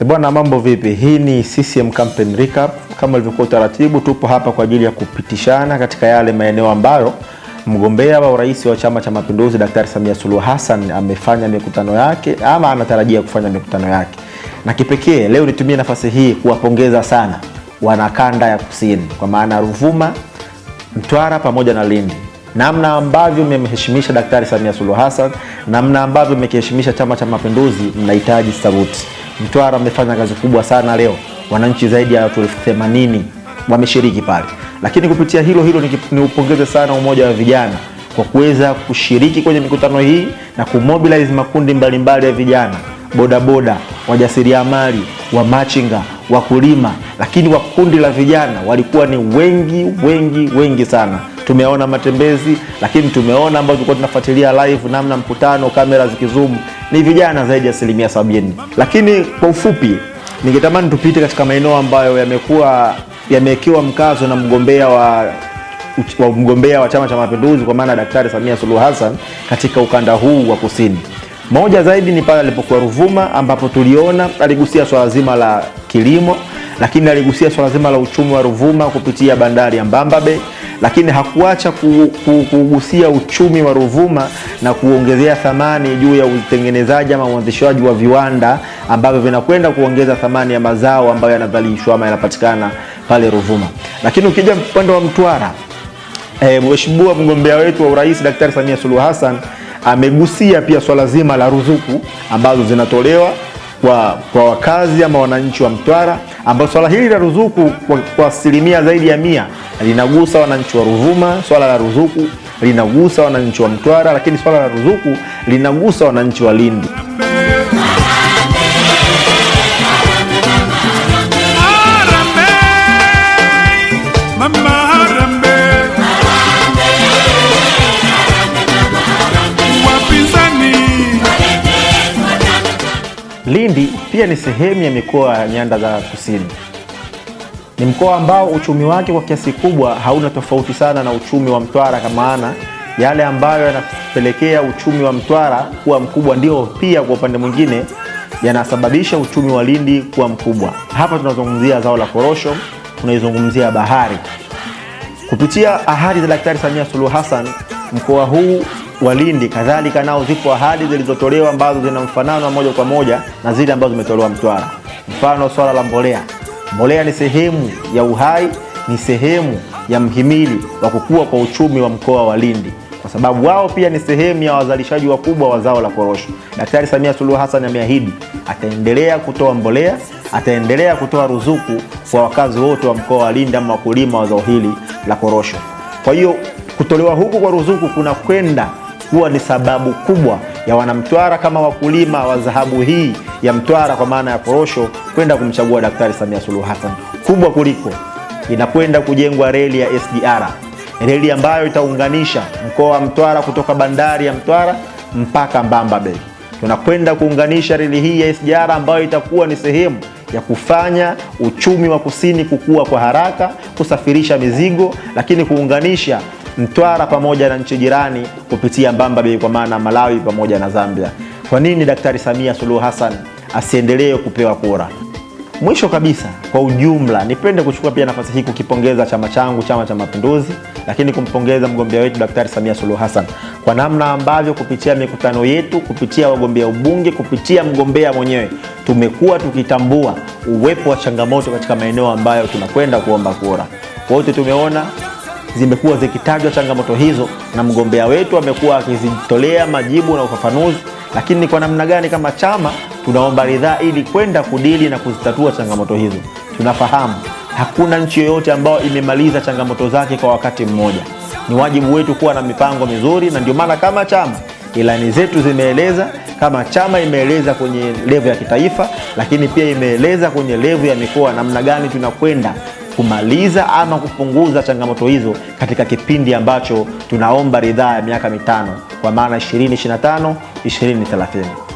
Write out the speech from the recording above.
Eh, bwana, mambo vipi? Hii ni CCM campaign recap. Kama ilivyokuwa utaratibu, tupo hapa kwa ajili ya kupitishana katika yale maeneo ambayo mgombea wa urais wa Chama cha Mapinduzi Daktari Samia Suluhu Hassan amefanya mikutano yake ama anatarajia kufanya mikutano yake, na kipekee leo nitumie nafasi hii kuwapongeza sana wanakanda ya kusini, kwa maana Ruvuma, Mtwara pamoja na Lindi namna ambavyo mmemheshimisha Daktari Samia Suluhu Hassan, namna ambavyo mmekiheshimisha Chama cha Mapinduzi, mnahitaji sabuti. Mtwara amefanya kazi kubwa sana leo, wananchi zaidi ya watu elfu themanini wameshiriki pale. Lakini kupitia hilo hilo niupongeze sana umoja wa vijana kwa kuweza kushiriki kwenye mikutano hii na kumobilize makundi mbalimbali ya vijana, bodaboda, wajasiriamali, wamachinga, wakulima, lakini wa kundi la vijana walikuwa ni wengi wengi wengi sana. Tumeona matembezi, lakini tumeona ambao tulikuwa tunafuatilia live, namna mkutano kamera zikizumu ni vijana zaidi ya asilimia sabini. Lakini kwa ufupi, ningetamani tupite katika maeneo ambayo yamekuwa yamewekewa mkazo na mgombea wa wa mgombea wa Chama cha Mapinduzi kwa maana Daktari Samia Suluhu Hassan katika ukanda huu wa kusini. Moja zaidi ni pale alipokuwa Ruvuma, ambapo tuliona aligusia swala zima la kilimo, lakini aligusia swala zima la uchumi wa Ruvuma kupitia bandari ya Mbamba Bay lakini hakuacha kugusia uchumi wa Ruvuma na kuongezea thamani juu ya utengenezaji ama uanzishaji wa viwanda ambavyo vinakwenda kuongeza thamani ya mazao ambayo yanazalishwa ama yanapatikana pale Ruvuma. Lakini ukija upande wa Mtwara, e, mheshimiwa mgombea wetu wa urais Daktari Samia Suluhu Hassan amegusia pia swala zima la ruzuku ambazo zinatolewa kwa, kwa wakazi ama wananchi wa Mtwara, ambayo swala hili la ruzuku kwa asilimia zaidi ya mia linagusa wananchi wa Ruvuma, swala la ruzuku linagusa wananchi wa Mtwara, lakini swala la ruzuku linagusa wananchi wa Lindi. Lindi pia ni sehemu ya mikoa ya nyanda za kusini. Ni mkoa ambao uchumi wake kwa kiasi kubwa hauna tofauti sana na uchumi wa Mtwara, kwa maana yale ambayo yanapelekea uchumi wa Mtwara kuwa mkubwa ndio pia kwa upande mwingine yanasababisha uchumi wa Lindi kuwa mkubwa. Hapa tunazungumzia zao la korosho, tunaizungumzia bahari. Kupitia ahadi za Daktari Samia Suluhu Hassan, mkoa huu Walindi kadhalika nao zipo ahadi zilizotolewa ambazo zina mfanano moja kwa moja na zile ambazo zimetolewa Mtwara. Mfano, swala la mbolea. Mbolea ni sehemu ya uhai, ni sehemu ya mhimili wa kukua kwa uchumi wa mkoa wa Lindi, kwa sababu wao pia ni sehemu ya wazalishaji wakubwa wa zao la korosho. Daktari Samia Suluhu Hassan ameahidi ataendelea kutoa mbolea, ataendelea kutoa ruzuku kwa wakazi wote wa mkoa wa Lindi ama wakulima wa zao hili la korosho. Kwa hiyo kutolewa huku kwa ruzuku kuna kwenda huwa ni sababu kubwa ya wanamtwara kama wakulima wa dhahabu hii ya Mtwara kwa maana ya korosho kwenda kumchagua Daktari Samia Suluhu Hassan. Kubwa kuliko inakwenda kujengwa reli ya SGR, reli ambayo itaunganisha mkoa wa Mtwara kutoka bandari ya Mtwara mpaka Mbamba Bay. Tunakwenda kuunganisha reli hii ya SGR ambayo itakuwa ni sehemu ya kufanya uchumi wa kusini kukua kwa haraka, kusafirisha mizigo, lakini kuunganisha Mtwara pamoja na nchi jirani kupitia Mbamba Bay kwa maana Malawi pamoja na Zambia. Kwa nini Daktari Samia Suluhu Hassan asiendelee kupewa kura? Mwisho kabisa, kwa ujumla, nipende kuchukua pia nafasi hii kukipongeza chama changu, Chama cha Mapinduzi, lakini kumpongeza mgombea wetu Daktari Samia Suluhu Hassan kwa namna ambavyo kupitia mikutano yetu, kupitia wagombea ubunge, kupitia mgombea mwenyewe, tumekuwa tukitambua uwepo wa changamoto katika maeneo ambayo tunakwenda kuomba kura. Wote tumeona zimekuwa zikitajwa changamoto hizo, na mgombea wetu amekuwa akizitolea majibu na ufafanuzi, lakini kwa namna gani kama chama tunaomba ridhaa ili kwenda kudili na kuzitatua changamoto hizo. Tunafahamu hakuna nchi yoyote ambayo imemaliza changamoto zake kwa wakati mmoja. Ni wajibu wetu kuwa na mipango mizuri, na ndio maana kama chama ilani zetu zimeeleza, kama chama imeeleza kwenye levu ya kitaifa, lakini pia imeeleza kwenye levu ya mikoa, namna gani tunakwenda kumaliza ama kupunguza changamoto hizo katika kipindi ambacho tunaomba ridhaa ya miaka mitano, kwa maana 2025 2030.